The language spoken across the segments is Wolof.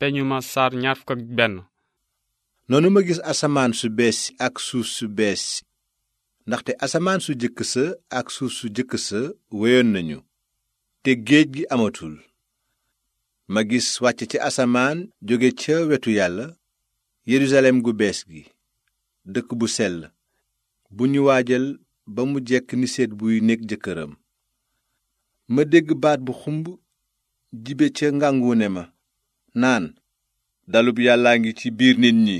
peñu ma saar ñaar benn noonu ma gis asamaan su bees si ak suuf su bees si ndaxte asamaan su jëkk sa ak suuf su jëkk sa wéyoon nañu te géej gi amatul ma gis wàcc ci asamaan jóge ca wetu yàlla yerusalem gu bees gi dëkk bu sell bu ñu waajal ba mu jekk ni seet buy nekk jëkkëram ma dégg baat bu xumb jibe ca ngàngu ma naan dalub yàllaa ngi ci biir nit ñi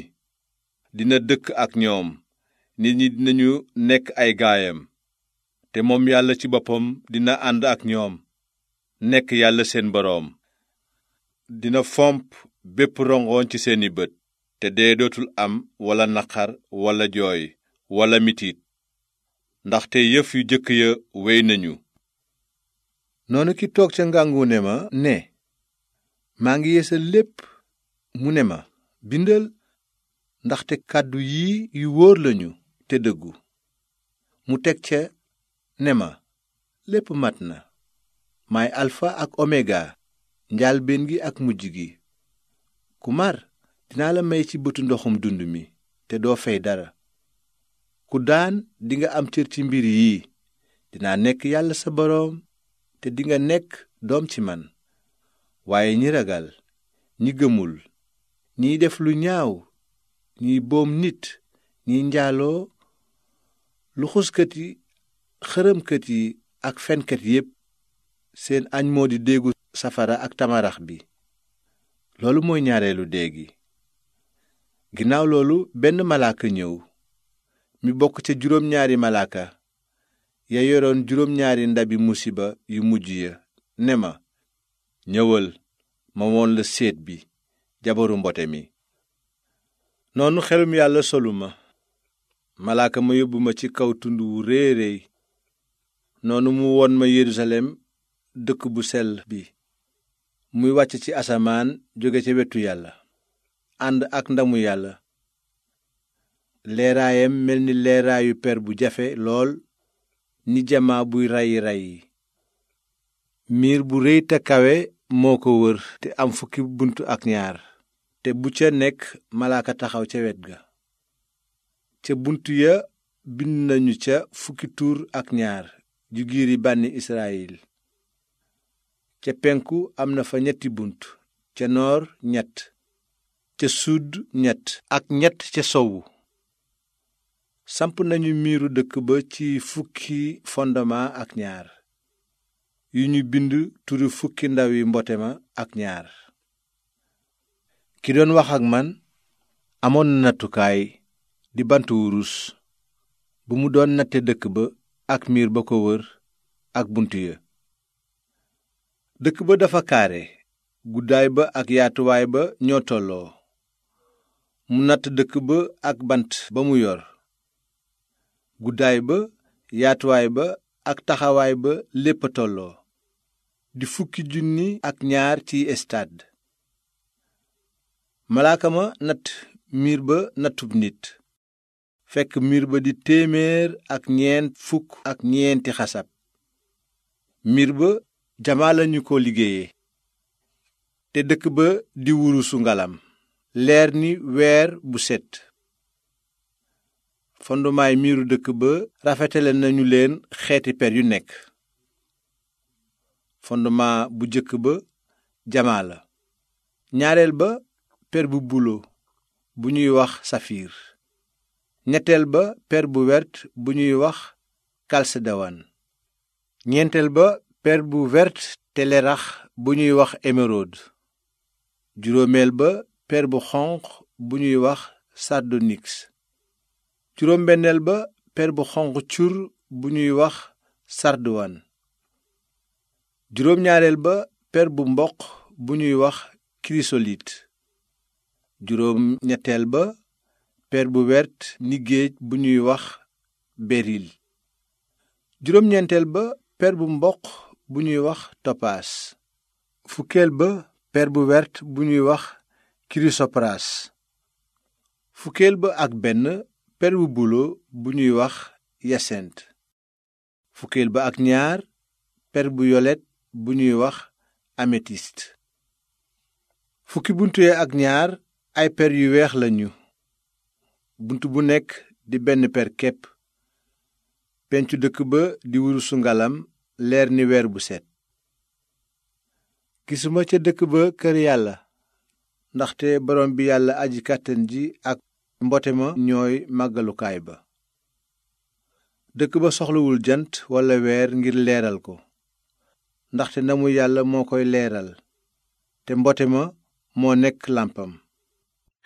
dina dëkk ak ñoom nit ñi dinañu nekk ay gaayam te moom yàlla ci boppam dina ànd ak ñoom nekk yàlla seen boroom dina fomp bépp rongoñ ci seeni bët te dee dootul am walla naqar wala jooy wala mitiit ndaxte yëf yu jëkk ya wéy nañu noonu toog ca ne maa ngi yeesal lépp mu ne ma bindal ndaxte kàddu yi yu wóor lañu te dëggu mu teg ca ne ma lépp mat na maay alfa ak omega njaalbéen gi ak mujj gi ku mar dinaa la may ci bëtu ndoxum dund mi te doo fay dara ku daan dinga am cër ci mbir yi dinaa nekk yàlla sa boroom te dinga nekk doom ci man waaye ñi ragal ñi gëmul ñiy def lu ñaaw ñiy boom nit ñiy njaaloo luxuskat yi xërëmkat yi ak fenkat yépp seen añ moo di déegu safara ak tamarax bi loolu mooy ñaareelu dee ginnaaw loolu benn malaaka ñëw mi bokk ca juróom ñaari malaaka ya yoroon juróom ñaari ndabi musiba yu mujj ya ne ma ñëwal ma woon la séet bi jabaru mbote mi noonu xelum yàlla solu ma malaaka ma yóbbu ma ci kaw tund wu réy réy noonu mu won ma yerusalem dëkk bu sell bi muy wàcc ci asamaan jóge ca wetu yàlla ànd ak ndamu yàlla leeraayam mel ni leeraayu per bu jafe lool ni jamaa buy rayyi rayyi miir bu réy te kawe moo ko wër te am fukki bunt ak ñaar te bu ca nekk malaaka taxaw ca wet ga ca bunt ya bind nañu ca fukki tuur ak ñaar ju giir yi bànni Israyil ca penku am na fa ñetti bunt ca noor ñett ca sud ñett ak ñett ca sowu samp nañu miiru dëkk ba ci fukki fondement ak ñaar yu ñu bind turi fukki ndaw yi mbote ma ak ñaar ki doon wax ak man amoon na nattukaay di bant wurus bu mu doon natte dëkk ba ak miir ba ko wër ak bunt ya dëkk ba dafa kaare guddaay ba ak yaatuwaay ba ñoo tolloo mu natt dëkk ba ak bant ba mu yor guddaay ba yaatuwaay ba ak taxawaay ba lépp a tolloo di fukki junni ak ñaar ci estad malaaka ma natt miir ba nattub nit fekk miir ba di téeméer ak ñeent fukk ak ñeenti xasab miir ba jamaa lañu ko liggéeye te dëkk ba di wurusu ngalam leer ni weer bu set fondumaay miiru dëkk ba rafetale nañu leen xeeti per yu nekk fondement bu jëkk ba jamaa la ñaareel ba per bu bulo bu ñuy wax safiir ñetteel ba per bu wert bu ñuy wax kalsedowan ñeenteel ba per bu wert te lerax bu ñuy wax émeraude juróomeel ba per bu xonq bu ñuy wax sardonyx juróom benneel ba per bu xonq cur bu ñuy wax sardowaan juróom ñaareel ba per bu mboq bu ñuy wax kirisolit juróom ñetteel ba per bu wert ni bu ñuy wax beril juróom ñeenteel ba per bu mboq bu ñuy wax topaas fukkeel ba per bu wert bu ñuy wax kirisopraas fukkeel ba ak benn per bu bulo bu ñuy wax yasent fukkeel ba ak ñaar per bu yolet bu ñuy wax améthyste fukki bunt ya ak ñaar ay per yu weex lañu bunt bu nekk di benn per képp pencu dëkk ba di wurusu ngalam leer ni weer bu set gisuma ca dëkk ba kër yàlla ndaxte borom bi yàlla aji kàttan ji ak mbote ma ñooy màggalukaay ba dëkk ba soxlawul jant walla weer ngir leeral ko ndaxte ndamu yàlla moo koy leeral te mbote ma moo nekk làmpam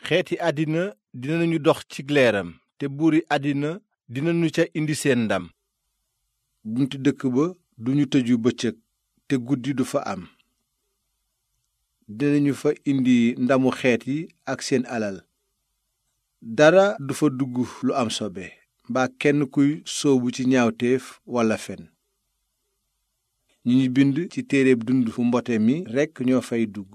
xeeti àddina dinañu dox ci leeram te buuri àddina dinañu ca indi seen ndam bunti dëkk ba duñu tëju bëccëg te guddi du fa am dinañu fa indi ndamu xeet yi ak seen alal dara du fa dugg lu am sobe mbaa kenn kuy soobu ci ñaawteef walla fen ñu ñi bind ci téere dund fu mbote mi rekk ñoo fay dugg